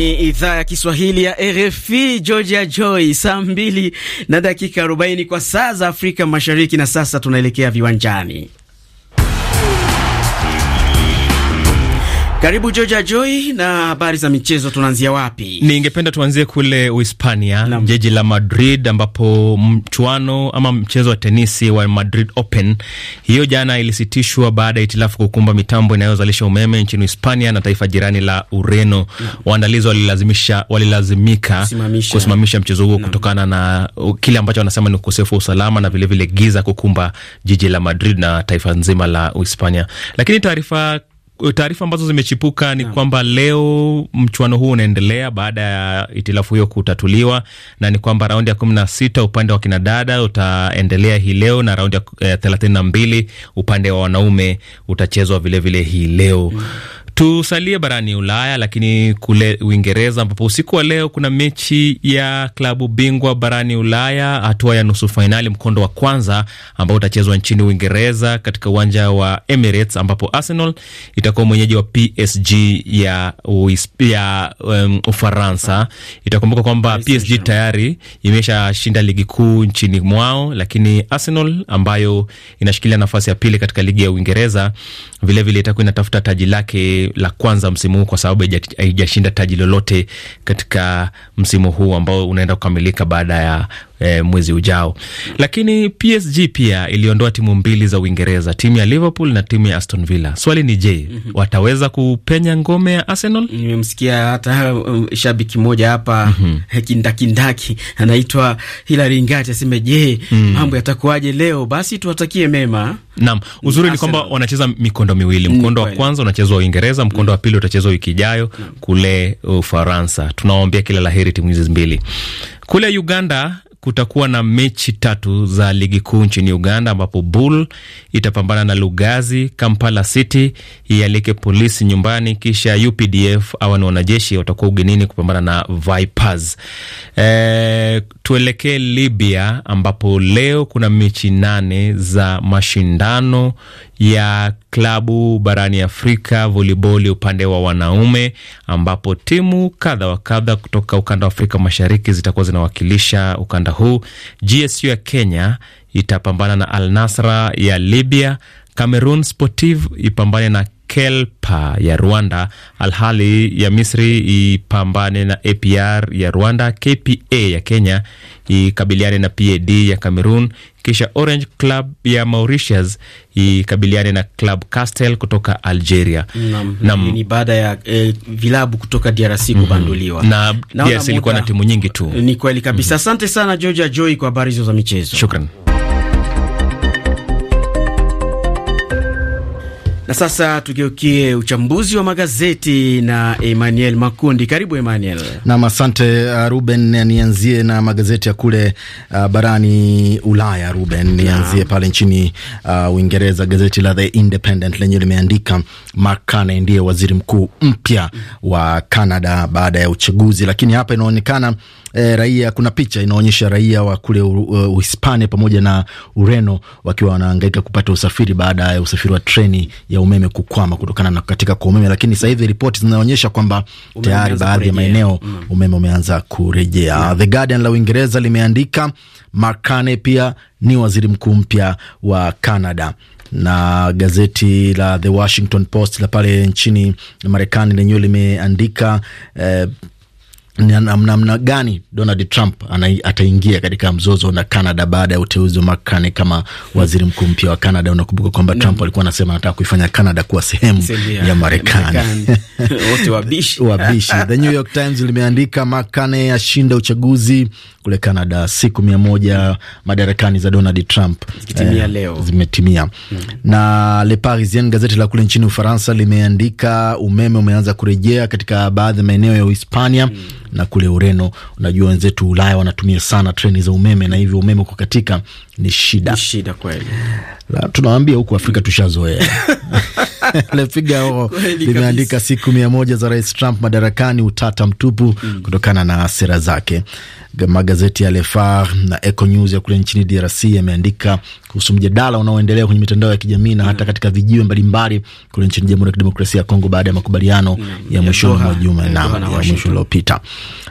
Ni idhaa ya Kiswahili ya RFI. Georgia Joy, saa mbili na dakika arobaini kwa saa za Afrika Mashariki, na sasa tunaelekea viwanjani. Karibu Joja Joy na habari za michezo. Tunaanzia wapi? Ningependa tuanzie kule Uhispania, jiji la Madrid, ambapo mchuano ama mchezo wa tenisi wa Madrid Open hiyo jana ilisitishwa baada ya itilafu kukumba mitambo inayozalisha umeme nchini Uhispania na taifa jirani la Ureno. Waandalizi walilazimisha walilazimika kusimamisha, kusimamisha mchezo huo kutokana na kile ambacho wanasema ni ukosefu wa usalama na vilevile vile giza kukumba jiji la Madrid na taifa nzima la Uhispania, lakini taarifa taarifa ambazo zimechipuka ni kwamba leo mchuano huu unaendelea baada ya itilafu hiyo kutatuliwa, na ni kwamba raundi ya kumi na sita upande wa kinadada utaendelea hii leo na raundi ya eh, thelathini na mbili upande wa wanaume utachezwa vilevile hii leo mm. Tusalie barani Ulaya, lakini kule Uingereza ambapo usiku wa leo kuna mechi ya klabu bingwa barani Ulaya, hatua ya nusu fainali, mkondo wa kwanza ambao utachezwa nchini Uingereza katika uwanja wa Emirates, ambapo Arsenal itakuwa mwenyeji wa PSG ya, ya um, Ufaransa. Itakumbuka kwamba PSG tayari imeshashinda ligi kuu nchini mwao, lakini Arsenal ambayo inashikilia nafasi ya pili katika ligi ya Uingereza vilevile itakuwa inatafuta taji lake la kwanza msimu huu kwa sababu haijashinda taji lolote katika msimu huu ambao unaenda kukamilika baada ya eh, mwezi ujao. Lakini PSG pia iliondoa timu mbili za Uingereza, timu ya Liverpool na timu ya Aston Villa. Swali ni je, mm -hmm. wataweza kupenya ngome ya Arsenal? Nimemsikia hata um, shabiki mmoja hapa mm -hmm. kindakindaki anaitwa Hilary Ngati aseme je, mm. -hmm. mambo yatakuwaje leo? Basi tuwatakie mema. Naam, uzuri ni kwamba wanacheza mikondo miwili. Mm, mkondo wa kwanza unachezwa Uingereza, mkondo wa mm. pili utachezwa wiki ijayo kule Ufaransa. Tunawaambia kila laheri timu hizi mbili. Kule Uganda kutakuwa na mechi tatu za ligi kuu nchini Uganda, ambapo Bull itapambana na Lugazi, Kampala City ialike polisi nyumbani, kisha UPDF awa ni wanajeshi watakuwa ugenini kupambana na Vipers. E, Tuelekee Libya ambapo leo kuna mechi nane za mashindano ya klabu barani Afrika voliboli upande wa wanaume, ambapo timu kadha wa kadha kutoka ukanda wa Afrika Mashariki zitakuwa zinawakilisha ukanda huu. GSU ya Kenya itapambana na Al Nasra ya Libya. Cameroon Sportive ipambane na Kelpa ya Rwanda, Alhali ya Misri ipambane na APR ya Rwanda, KPA ya Kenya ikabiliane na PAD ya Cameroon, kisha Orange Club ya Mauritius ikabiliane na Club Castel kutoka Algeria. Nam ni baada ya e, vilabu kutoka DRC mm -hmm. kubanduliwa na DRC ilikuwa na timu nyingi tu. Ni kweli kabisa. Mhm. Asante mm -hmm. sana Georgia Joy kwa habari hizo za michezo. Shukran. Na sasa tugeukie uchambuzi wa magazeti na Emmanuel Makundi. Karibu Emmanuel. Nam, asante uh, Ruben. Nianzie na magazeti ya kule uh, barani Ulaya. Ruben, nianzie pale nchini uh, Uingereza. Gazeti la The Independent lenyewe limeandika Mark Carney ndiye waziri mkuu mpya wa Canada baada ya uchaguzi, lakini hapa inaonekana e, raia, kuna picha inaonyesha raia wa kule uh, Uhispania pamoja na Ureno wakiwa wanahangaika kupata usafiri baada ya usafiri wa treni ya umeme kukwama kutokana na kukatika kwa umeme, lakini sasa hivi ripoti zinaonyesha kwamba tayari baadhi ya maeneo mm, umeme umeanza kurejea. Yeah. The Guardian la Uingereza limeandika Mark Carney pia ni waziri mkuu mpya wa Canada na gazeti la The Washington Post la pale nchini Marekani lenyewe limeandika eh, namna gani Donald Trump ataingia katika mzozo na Canada baada ya uteuzi wa Marekani kama waziri mkuu mpya wa Canada. Unakumbuka kwamba mm. Trump alikuwa anasema anataka kuifanya Canada kuwa sehemu ya Marekani. Wote wabishi wabishi. The New York Times limeandika Makane ashinda uchaguzi kule Canada, siku mia moja madarakani za Donald Trump zikitimia eh, leo zimetimia mm. Na Le Parisien, gazeti la kule nchini Ufaransa, limeandika umeme umeanza kurejea katika baadhi ya maeneo ya Uhispania mm na kule Ureno, unajua wenzetu Ulaya wanatumia sana treni za umeme, na hivyo umeme kukatika ni shida, ni shida kweli tunawambia huku Afrika tushazoea. Le Figaro limeandika siku mia moja za Rais Trump madarakani, utata mtupu mm, kutokana na sera zake. Magazeti ya Le Phare na Eco News ya kule nchini DRC yameandika kuhusu mjadala unaoendelea kwenye mitandao ya kijamii na mm, hata hmm. katika vijiwe mbalimbali kule nchini Jamhuri ya Kidemokrasia ya Kongo baada ya makubaliano mm, ya mwisho wa juma na ya mwisho uliopita.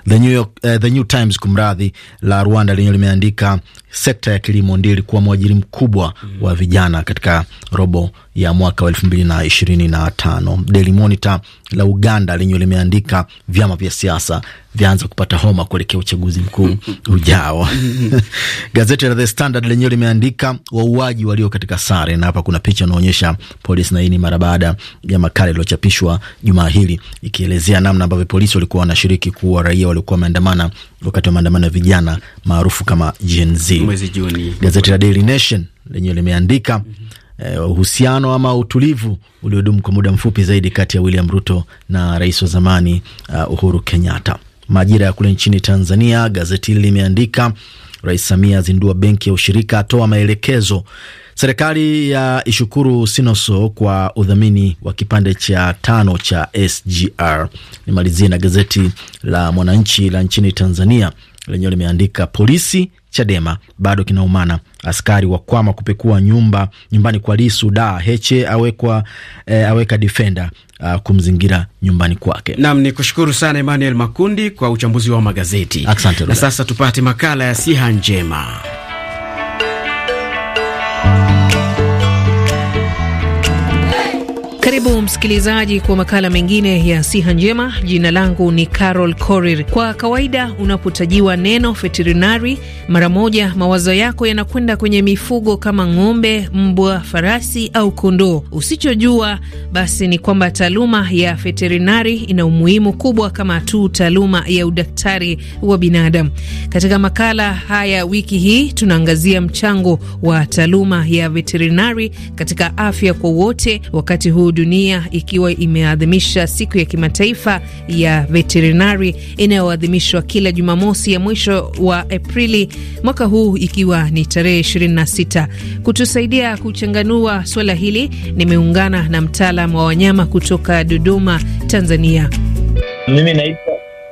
The New York, uh, The New Times kumradhi, la Rwanda lenyewe limeandika sekta ya kilimo ndio ilikuwa mwajiri mkubwa wa vijana katika robo ya mwaka wa elfu mbili na ishirini na tano. Daily Monitor la Uganda lenyewe limeandika vyama vya siasa vyaanza kupata homa kuelekea uchaguzi mkuu ujao. Gazeti la The Standard lenyewe limeandika wauaji walio katika sare, na hapa kuna picha inaonyesha polisi, na hii ni mara baada ya makala iliyochapishwa jumaa hili ikielezea namna ambavyo polisi walikuwa wanashiriki kuua raia waliokuwa wameandamana wakati wa maandamano ya vijana maarufu kama Gen Z. Gazeti la Daily Nation lenyewe limeandika mm -hmm. Eh, uhusiano ama utulivu uliodumu kwa muda mfupi zaidi kati ya William Ruto na rais wa zamani uh, Uhuru Kenyatta. Majira ya kule nchini Tanzania, gazeti hili limeandika Rais Samia azindua benki ya ushirika, atoa maelekezo. Serikali ya ishukuru Sinoso kwa udhamini wa kipande cha tano cha SGR. Nimalizie na gazeti la Mwananchi la nchini Tanzania, lenyewe limeandika polisi Chadema bado kinaumana. Askari wakwama kupekua nyumba nyumbani kwa Lisu. Da Heche awekwa, e, aweka defender ah, kumzingira nyumbani kwake. Nam ni kushukuru sana Emmanuel Makundi kwa uchambuzi wa magazeti. Asante. Na sasa tupate makala ya siha njema. Karibu msikilizaji kwa makala mengine ya siha njema. Jina langu ni Carol Korir. Kwa kawaida unapotajiwa neno veterinari, mara moja mawazo yako yanakwenda kwenye mifugo kama ng'ombe, mbwa, farasi au kondoo. Usichojua basi ni kwamba taaluma ya veterinari ina umuhimu kubwa kama tu taaluma ya udaktari wa binadamu. Katika makala haya wiki hii tunaangazia mchango wa taaluma ya veterinari katika afya kwa wote, wakati huu dunia ikiwa imeadhimisha siku ya kimataifa ya veterinari inayoadhimishwa kila Jumamosi ya mwisho wa Aprili, mwaka huu ikiwa ni tarehe 26. Kutusaidia kuchanganua suala hili, nimeungana na mtaalamu wa wanyama kutoka Dodoma, Tanzania. Mimi naitwa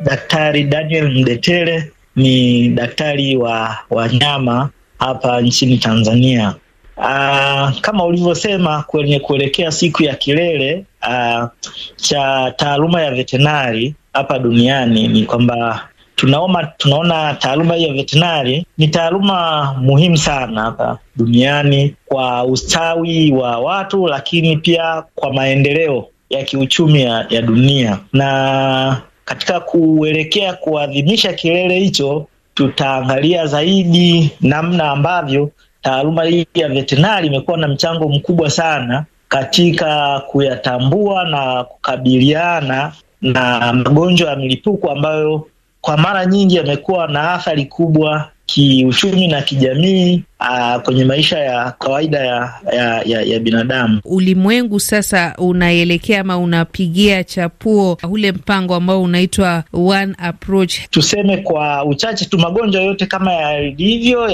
Daktari Daniel Mdetere, ni daktari wa wanyama hapa nchini Tanzania. Aa, ah, kama ulivyosema kwenye kuelekea siku ya kilele aa, ah, cha taaluma ya vetenari hapa duniani ni kwamba tunaoma, tunaona taaluma hii ya vetenari ni taaluma muhimu sana hapa duniani kwa ustawi wa watu, lakini pia kwa maendeleo ya kiuchumi ya, ya dunia. Na katika kuelekea kuadhimisha kilele hicho, tutaangalia zaidi namna ambavyo taaluma hii ya vetenari imekuwa na mchango mkubwa sana katika kuyatambua na kukabiliana na magonjwa ya milipuko ambayo kwa mara nyingi yamekuwa na athari kubwa kiuchumi na kijamii aa, ah, kwenye maisha ya kawaida ya, ya, ya, ya binadamu. Ulimwengu sasa unaelekea ama unapigia chapuo ule mpango ambao unaitwa One Approach. Tuseme kwa uchache tu, magonjwa yote kama yalivyo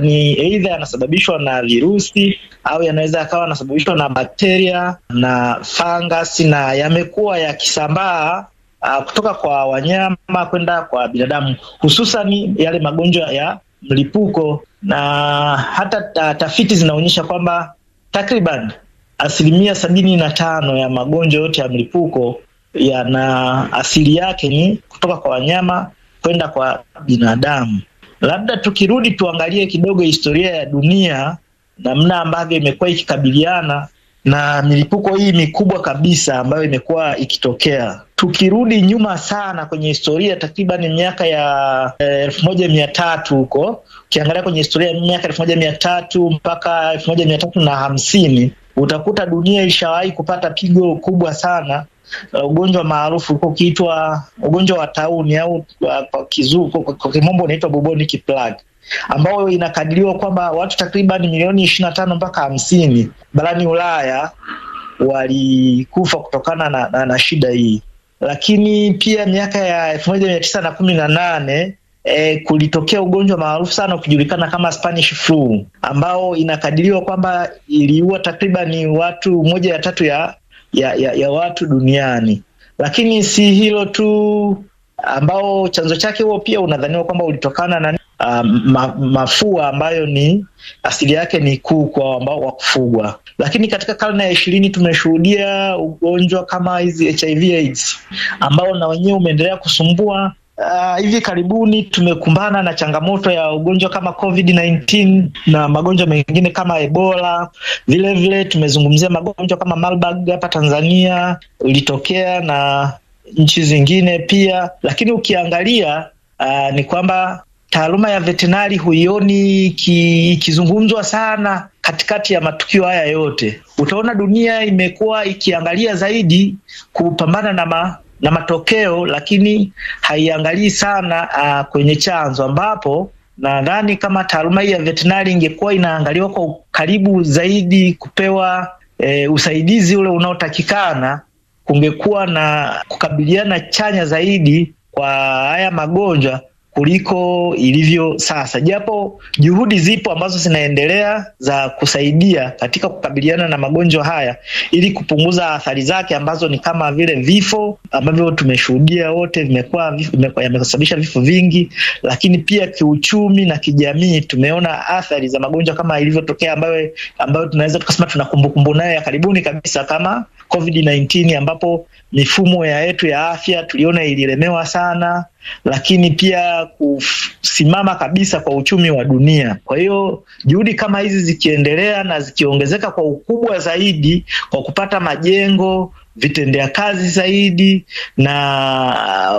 ni eidha yanasababishwa na virusi au yanaweza yakawa yanasababishwa na bakteria na fangasi, na yamekuwa yakisambaa uh, kutoka kwa wanyama kwenda kwa binadamu, hususan yale magonjwa ya mlipuko, na hata ta, tafiti zinaonyesha kwamba takriban asilimia sabini na tano ya magonjwa yote ya mlipuko yana asili yake ni kutoka kwa wanyama kwenda kwa binadamu. Labda tukirudi tuangalie kidogo historia ya dunia, namna ambavyo imekuwa ikikabiliana na milipuko hii mikubwa kabisa ambayo imekuwa ikitokea tukirudi nyuma sana kwenye historia takriban miaka ya eh, elfu moja mia tatu huko, ukiangalia kwenye historia ya miaka elfu moja mia tatu mpaka elfu moja mia tatu na hamsini utakuta dunia ilishawahi kupata pigo kubwa sana. Eh, ugonjwa maarufu uko ukiitwa ugonjwa wa tauni au eh, kwa kizungu, kwa kimombo unaitwa bubonic plague ambayo inakadiriwa kwamba watu takriban milioni ishirini na tano mpaka hamsini barani Ulaya walikufa kutokana na, na, na shida hii. Lakini pia miaka ya elfu moja mia tisa na kumi na nane E, kulitokea ugonjwa maarufu sana ukijulikana kama Spanish flu ambao inakadiriwa kwamba iliua takriban watu moja ya tatu ya, ya, ya, ya watu duniani. Lakini si hilo tu, ambao chanzo chake huo pia unadhaniwa kwamba ulitokana na um, ma, mafua ambayo ni asili yake ni kwa ambao wa kufugwa, lakini katika karne ya ishirini tumeshuhudia ugonjwa kama hizi HIV AIDS ambao na wenyewe umeendelea kusumbua. Uh, hivi karibuni tumekumbana na changamoto ya ugonjwa kama COVID-19 na magonjwa mengine kama Ebola. Vilevile vile tumezungumzia magonjwa kama Marburg hapa Tanzania ulitokea na nchi zingine pia, lakini ukiangalia uh, ni kwamba taaluma ya vetenari huioni ikizungumzwa ki sana katikati ya matukio haya yote. Utaona dunia imekuwa ikiangalia zaidi kupambana na ma, na matokeo, lakini haiangalii sana a, kwenye chanzo ambapo nadhani kama taaluma hii ya vetenari ingekuwa inaangaliwa kwa karibu zaidi, kupewa e, usaidizi ule unaotakikana, kungekuwa na kukabiliana chanya zaidi kwa haya magonjwa kuliko ilivyo sasa, japo juhudi zipo ambazo zinaendelea za kusaidia katika kukabiliana na magonjwa haya ili kupunguza athari zake ambazo ni kama vile vifo ambavyo tumeshuhudia wote, vimekuwa yamesababisha vifo vingi, lakini pia kiuchumi na kijamii tumeona athari za magonjwa kama ilivyotokea, ambayo ambayo tunaweza tukasema tuna kumbukumbu nayo ya karibuni kabisa kama COVID-19, ambapo mifumo ya yetu ya afya tuliona ililemewa sana lakini pia kusimama kabisa kwa uchumi wa dunia. Kwa hiyo juhudi kama hizi zikiendelea na zikiongezeka kwa ukubwa zaidi, kwa kupata majengo, vitendea kazi zaidi na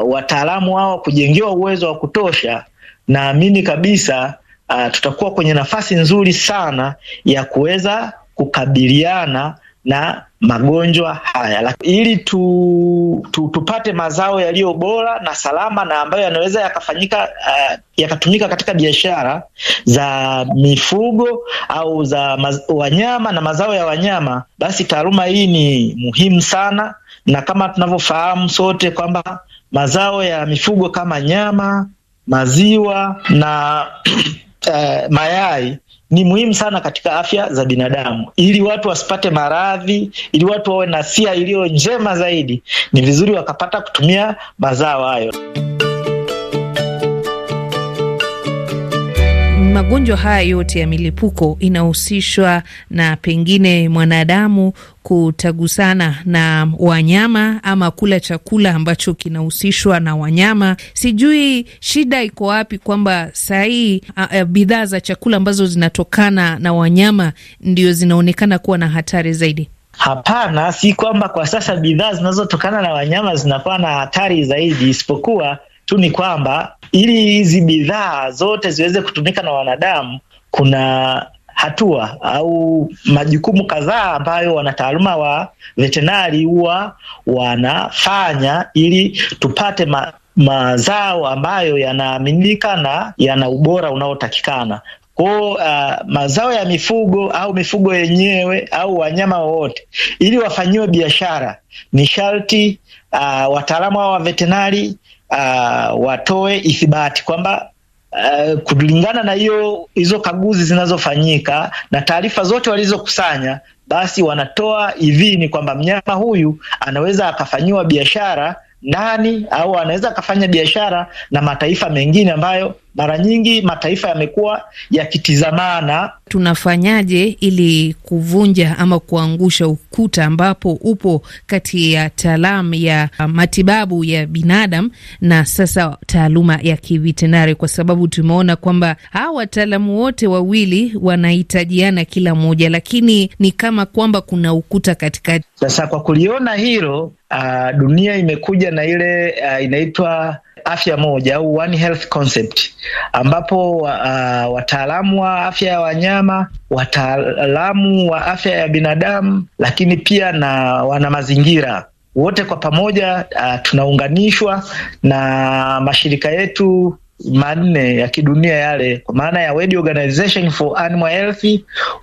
wataalamu hawa kujengewa uwezo wa kutosha, naamini kabisa uh, tutakuwa kwenye nafasi nzuri sana ya kuweza kukabiliana na magonjwa haya ili tu, tu, tupate mazao yaliyo bora na salama na ambayo yanaweza yakafanyika uh, yakatumika katika biashara za mifugo au za maz, wanyama na mazao ya wanyama, basi taaluma hii ni muhimu sana, na kama tunavyofahamu sote kwamba mazao ya mifugo kama nyama, maziwa na uh, mayai ni muhimu sana katika afya za binadamu. Ili watu wasipate maradhi, ili watu wawe na afya iliyo njema zaidi, ni vizuri wakapata kutumia mazao hayo. magonjwa haya yote ya milipuko inahusishwa na pengine mwanadamu kutagusana na wanyama ama kula chakula ambacho kinahusishwa na wanyama. Sijui shida iko wapi, kwamba sahii bidhaa za chakula ambazo zinatokana na wanyama ndio zinaonekana kuwa na hatari zaidi. Hapana, si kwamba kwa sasa bidhaa zinazotokana na wanyama zinakuwa na hatari zaidi, isipokuwa tu ni kwamba ili hizi bidhaa zote ziweze kutumika na wanadamu, kuna hatua au majukumu kadhaa ambayo wanataaluma wa vetenari huwa wanafanya ili tupate ma, mazao ambayo yanaaminika na yana ubora unaotakikana. Kwao uh, mazao ya mifugo au mifugo yenyewe au wanyama wowote, ili wafanyiwe biashara, ni sharti uh, wataalamu hao wa vetenari uh, watoe ithibati kwamba Uh, kulingana na hiyo hizo kaguzi zinazofanyika na taarifa zote walizokusanya, basi wanatoa idhini kwamba mnyama huyu anaweza akafanyiwa biashara ndani au anaweza akafanya biashara na mataifa mengine ambayo mara nyingi mataifa yamekuwa yakitizamana. Tunafanyaje ili kuvunja ama kuangusha ukuta ambapo upo kati ya taalam ya matibabu ya binadamu na sasa taaluma ya kivitenari, kwa sababu tumeona kwamba hawa wataalamu wote wawili wanahitajiana kila mmoja, lakini ni kama kwamba kuna ukuta katikati. Sasa kwa kuliona hilo, uh, dunia imekuja na ile uh, inaitwa afya moja au one health concept, ambapo uh, uh, wataalamu wa afya ya wanyama, wataalamu wa afya ya binadamu, lakini pia na wana mazingira wote kwa pamoja uh, tunaunganishwa na mashirika yetu manne ya kidunia yale, kwa maana ya World Organization for Animal Health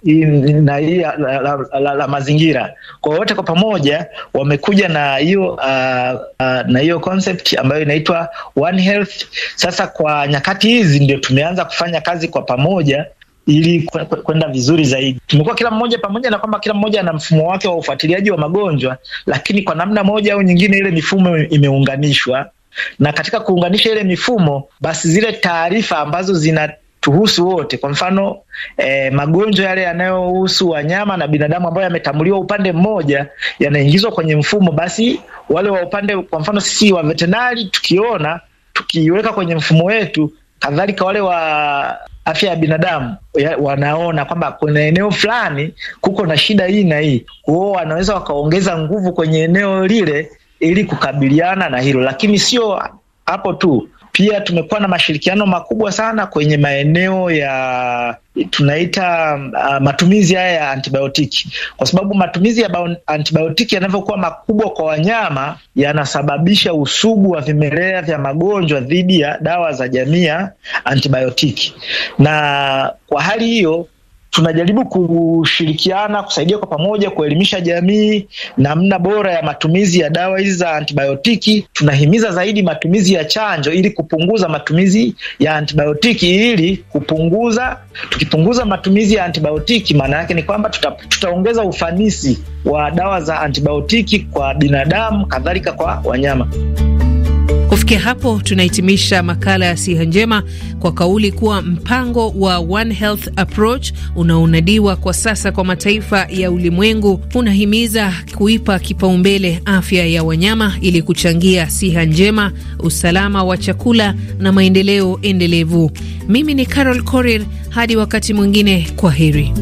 na hii la, la, la, la mazingira. Kwa wote kwa pamoja wamekuja na hiyo uh, uh, na hiyo concept ambayo inaitwa One Health. Sasa kwa nyakati hizi ndio tumeanza kufanya kazi kwa pamoja ili kwenda vizuri zaidi. Tumekuwa kila mmoja, pamoja na kwamba kila mmoja ana mfumo wake wa ufuatiliaji wa magonjwa, lakini kwa namna moja au nyingine ile mifumo imeunganishwa na katika kuunganisha ile mifumo, basi zile taarifa ambazo zina tuhusu wote, kwa mfano eh, magonjwa yale yanayohusu wanyama na binadamu ambayo yametambuliwa upande mmoja yanaingizwa kwenye mfumo, basi wale wa upande, kwa mfano sisi wa vetenari tukiona, tukiweka kwenye mfumo wetu, kadhalika wale wa afya ya binadamu wanaona kwamba kuna eneo fulani kuko na shida hii na hii, kwao wanaweza wakaongeza nguvu kwenye eneo lile ili kukabiliana na hilo, lakini sio hapo tu pia tumekuwa na mashirikiano makubwa sana kwenye maeneo ya tunaita uh, matumizi haya ya antibiotiki, kwa sababu matumizi ya antibiotiki yanavyokuwa makubwa kwa wanyama yanasababisha usugu wa vimelea vya magonjwa dhidi ya dawa za jamii ya antibiotiki, na kwa hali hiyo tunajaribu kushirikiana kusaidia kwa pamoja kuelimisha jamii namna bora ya matumizi ya dawa hizi za antibiotiki. Tunahimiza zaidi matumizi ya chanjo ili kupunguza matumizi ya antibiotiki, ili kupunguza, tukipunguza matumizi ya antibiotiki, maana yake ni kwamba tuta, tutaongeza ufanisi wa dawa za antibiotiki kwa binadamu, kadhalika kwa wanyama. Kufikia hapo tunahitimisha makala ya siha njema kwa kauli kuwa mpango wa One Health Approach unaonadiwa kwa sasa kwa mataifa ya ulimwengu unahimiza kuipa kipaumbele afya ya wanyama ili kuchangia siha njema, usalama wa chakula na maendeleo endelevu. Mimi ni Carol Korir, hadi wakati mwingine, kwa heri.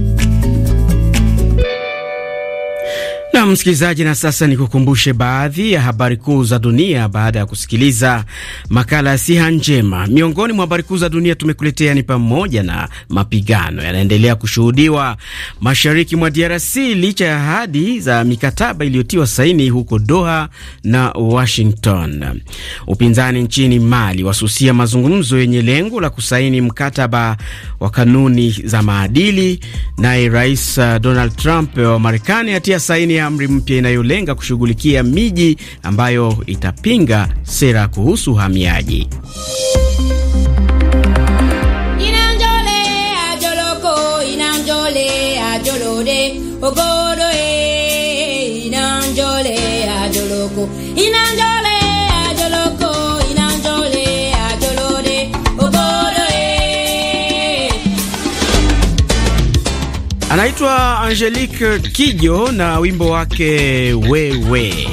Nam msikilizaji, na sasa ni kukumbushe baadhi ya habari kuu za dunia baada ya kusikiliza makala ya siha njema. Miongoni mwa habari kuu za dunia tumekuletea ni pamoja na mapigano yanaendelea kushuhudiwa mashariki mwa DRC licha ya ahadi za mikataba iliyotiwa saini huko Doha na Washington. Upinzani nchini Mali wasusia mazungumzo yenye lengo la kusaini mkataba wa kanuni za maadili, naye Rais uh, Donald Trump wa Marekani atia saini ya amri mpya inayolenga kushughulikia miji ambayo itapinga sera kuhusu uhamiaji. anaitwa Angelique Kijo na wimbo wake wewe.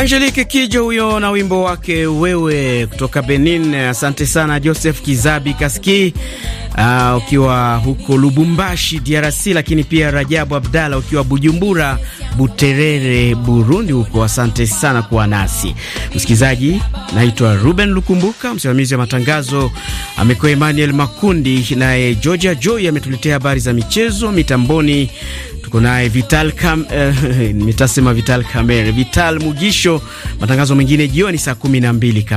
Angelique Kijo huyo na wimbo wake wewe kutoka Benin. Asante sana Joseph Kizabi Kaski uh, ukiwa huko Lubumbashi DRC, lakini pia Rajabu Abdalla ukiwa Bujumbura Buterere Burundi huko, asante sana kuwa nasi msikilizaji. Naitwa Ruben Lukumbuka, msimamizi wa matangazo amekuwa Emmanuel Makundi, naye Georgia Joy ametuletea habari za michezo mitamboni Tuko naye Vital Kam, eh, nitasema Vital Kamere, Vital Mugisho. Matangazo mengine jioni saa 12 kamili.